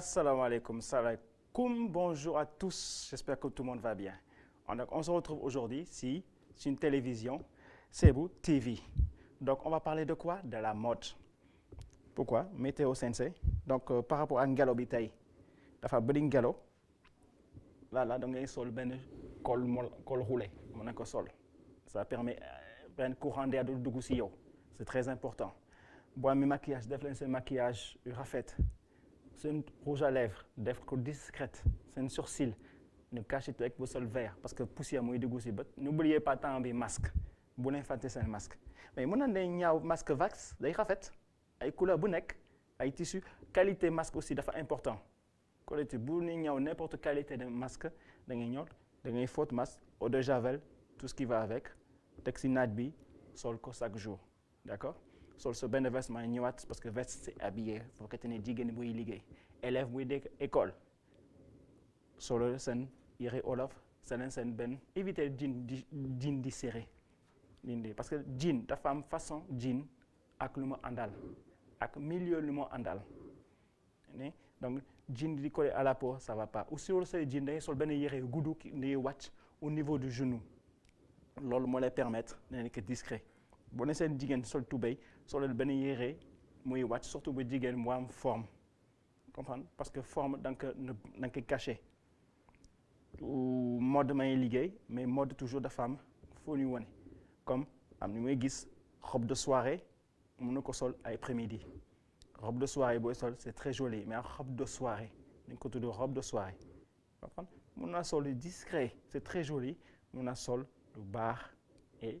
Assalamu alaikum, salakum, bonjour à tous, j'espère que tout le monde va bien. On, se retrouve aujourd'hui si, sur une télévision, c'est vous, TV. Donc on va parler de quoi De la mode. Pourquoi Météo Sensei. Donc euh, par rapport à Ngalo Bitay, la fabrique Ngalo, là, là, donc il y a un sol, ben, col, col roulé, mon sol. Ça permet euh, courant d'air de goussillot, C'est très important. Bois mes maquillages, maquillage, je maquillage, fait, c'est une rouge à lèvres def ko C'est une sourcil ne pas avec vos sol vert parce que poussière mooy de si n'oubliez pas temps masque bu leen c'est un masque mais si vous avez un masque vax day rafet ay couleur bu nekk ay tissu qualité masque aussi dafa important Si vous avez n'importe n'importe qualité de masque vous avez ñëw da ngay vous masque eau de javel tout ce qui va avec teg si bi sol ko chaque jour d'accord sol sa ben veste ma ñëwaat parce que vest c'est habillé bu fekkee ne jigéen buy liggéey élève buy dégg école solo sen yëre olaf sen sen ben éviter jean jean di serré parce que jean dafa am façon jean ak lu mu ak milieu lu andal né donc jean di à la peau ça va pas ou sur sa jean day sol benn yëre goudou ki day wàcc au niveau du genou loolu moo lay permettre na que discret bu sol tout jigéen sol le solal benn yére muy surtout bu jigéen moi en forme comprendre parce que forme donc nga caché ou mode may liggéey mais mode toujours de femme foo ñu wane comme am ni gis robe de soirée mon na ko sol ay après-midi robe de soirée booy sol c'est très joli mais robe de soirée dañ ko de robe de soirée comprendre mon sol discret c'est très joli mon sol le bar et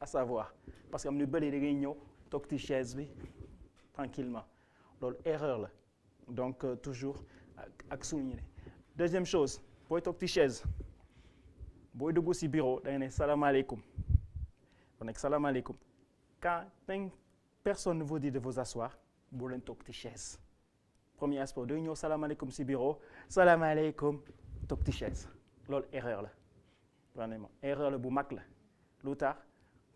à savoir parce que nous na lu bëri da ngay chaise tranquillement l'ol erreur là donc euh, toujours euh, ak souligner deuxième chose pour toog ci chaise booy dugg si bureau da Salam ne salam alaikum. Salam alaikum ». quand personne ne vous dit de vous asseoir vous avez toog chaise premier aspect day salam salaamaaleykum si bureau salam alaikum, ci chaise loolu erreur là vraiment erreur le bu mag la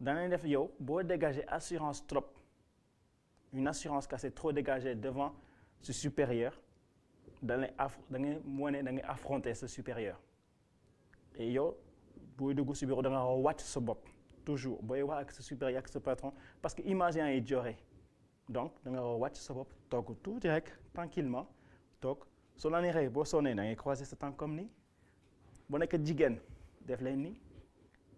Si def yo, dégager assurance trop une assurance qui c'est trop dégagée devant ce supérieur dans les affronter ce supérieur et yo, vous de si da watch toujours ce ce supérieur ak patron parce que l'imaginaire est durée. donc da nga watch ce bopp tout tout direct, tranquillement donc tout l'année neexee da ngay croiser comme ni,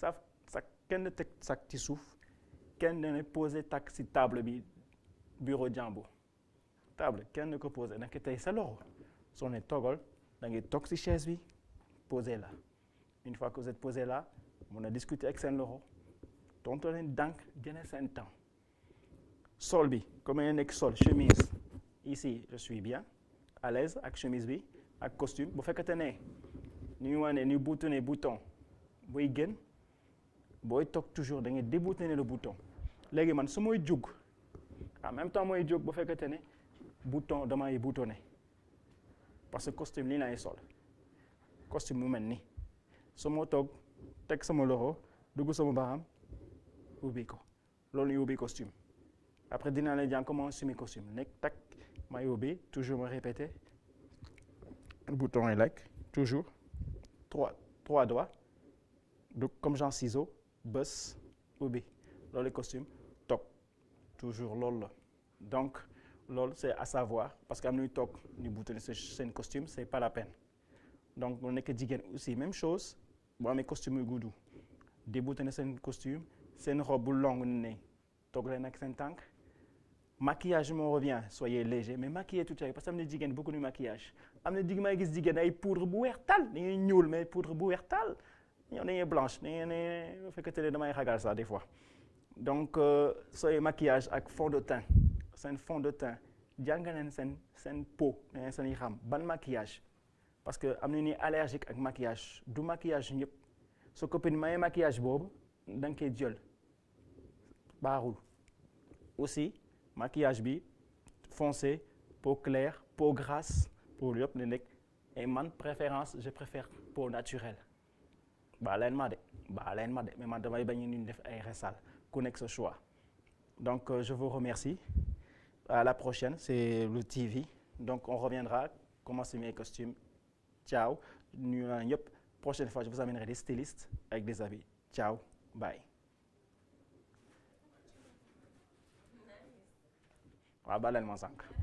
sa sa kenn teg sac ci suuf kenn ne posé tak table bi bureau jàmbur table kenn du ko posé nag tey sa loxo soo son toggal dans ngay toog chaise bi posé là une fois que vous êtes posé là on a discuté discuter ak seen loxo on est dank génne seen temps sol bi comme un ex sol chemise ici je suis bien à l'aise avec chemise bi avec costume vous bu fekkete ne ni ñu wane ni et bouton buy gën boy tok toujours da ngay déboutonner le bouton légui man sumoy mooy en même temps moy jóg bu fekkente ne bouton damay boutonner parce que costume lii laay sol costume mu mel nii tok tek sama loxo dugg sama baaxam ubbi ko ubiko. ñu ubi costume après dinaa la jàng comment sumi costume nek tak may ubi toujours me répéter bouton yi like toujours trois trois doigts donc comme un ciseau bës lol est costume top, toujours lol, donc lol c'est à savoir parce que nous, top, ni ñu ce seen costume c'est pas la peine donc on n'est que jigéen aussi même chose boo amee costume goudou, Des boutons boutonner costume, c'est une robe longue ne toog un nak seen tank. maquillage me revient soyez léger mais maquillez tout ça parce que nous, na beaucoup de maquillage am na jigéen may gis jigéen ay poudre bu weex tal dañuy ñuul mais poudre bu ñoom dañuy e blanche ni ne fait que ne ça des fois donc ce euh, maquillage avec fond de teint c'est un fond de teint c'est une seen peau c'est une rame. Bon maquillage parce que am allergique avec maquillage du maquillage vous avez copine may maquillage bob donc diol koy aussi maquillage bi foncé peau claire peau grasse peau yëpp ne et ma préférence je préfère peau naturelle. Bah, bah, mais Madame, choix donc euh, je vous remercie à la prochaine c'est le TV donc on reviendra comment se mes costumes ciao La prochaine fois je vous amènerai des stylistes avec des habits ciao bye. C'est ah, baa